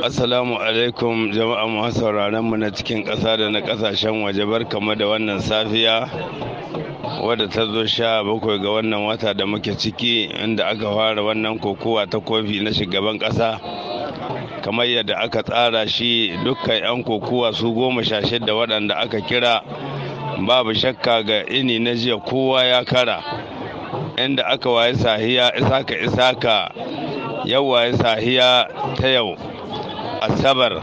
Assalamu alaikum jama'a masu sauraron mu na cikin ƙasa da na ƙasashen waje kama da wannan safiya wadda ta zo sha bakwai ga wannan wata da muke ciki inda aka fara wannan kokowa ta kofi na shugaban ƙasa kamar yadda aka tsara shi dukkan 'yan kokowa su goma sha shida waɗanda aka kira babu shakka ga ini na jiya kowa ya kara inda aka waye sahiya isaka isaka yau waye sahiya ta yau asabar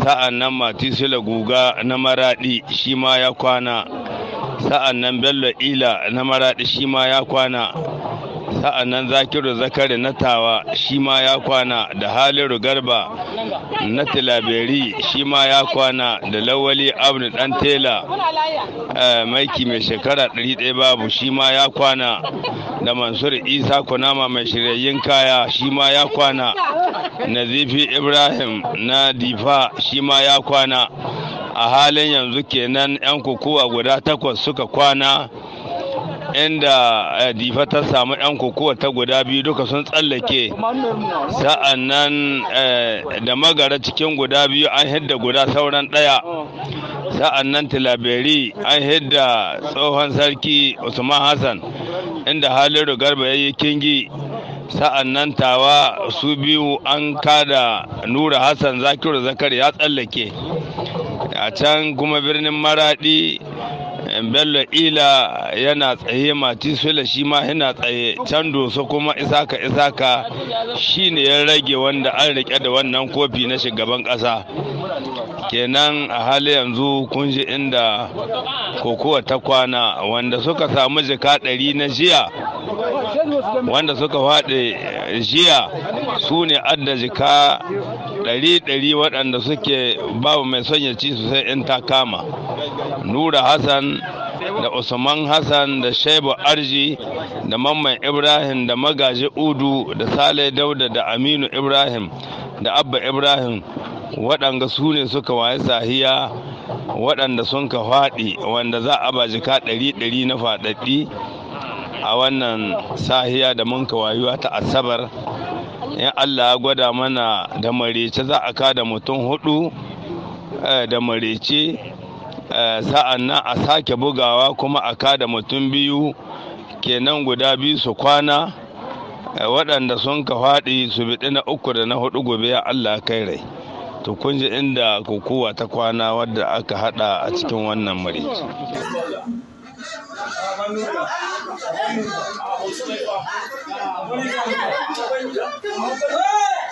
sa'an nan matisula guga na maradi shi ma ya kwana sa'an nan bello ila na maraɗi shi ma ya kwana sa'annan zakiru zakari na tawa shi ma ya kwana da haliru garba na tilaberi shi ma ya kwana da lawali abdu dan tela eh, maiki mai shekara 100 babu shi ma ya kwana da mansur isa kunama mai shiryayyen kaya shi ma ya kwana nazifi ibrahim na difa shi ma ya kwana a halin yanzu kenan 'yan kukuwa guda takwas suka kwana inda eh, difa ta samu yan kokowa ta guda biyu duka sun tsallake sa'an nan eh, da magara cikin guda biyu an hidda guda sauran ɗaya sa'an nan tilaberi an hidda tsohon sarki usman hassan inda halin rugar ya yi kingi sa'an nan tawa su biyu an kada nura hassan zakiru zakar ya tsallake a can kuma birnin maradi bello ila yana tsaye mati sula shi ma yana tsaye can doso kuma isaka isaka shi ne ya rage wanda an rike da wannan kofi na shugaban ƙasa kenan a hali yanzu kun ji inda kokowa ta kwana wanda suka samu jika ɗari na jiya wanda suka faɗi jiya su ne adda jika ɗari-ɗari waɗanda suke babu mai son ya ci sosai in ta kama nura hassan da usman hassan da shaibu arji da mamman ibrahim da magaji udu da sale dauda da aminu ibrahim da abba ibrahim waɗanda su ne suka waye sahiya waɗanda sun ka faɗi wanda za a ka ɗari-ɗari na faɗaɗɗi a wannan sahiya da mun ka wayuwa ta asabar in allah ya gwada mana da marece za a ka da mutum hudu eh, da marece Eh, sa'an nan a sake bugawa kuma a kada mutum biyu kenan guda biyu su kwana eh, waɗanda sun ka faɗi su biɗi na uku da na hudu gobe ya Allah kai rai to kun ji inda kokowa ta kwana wadda aka hada a cikin wannan marici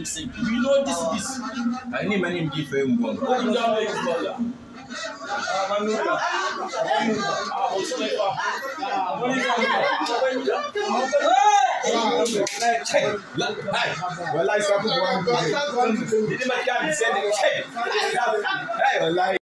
We know this this. I need my name for him. What is that way to call that? Wàláì sábà wà ní ìdílé. Ìdílé máa ń jáde sẹ́ni. Wàláì.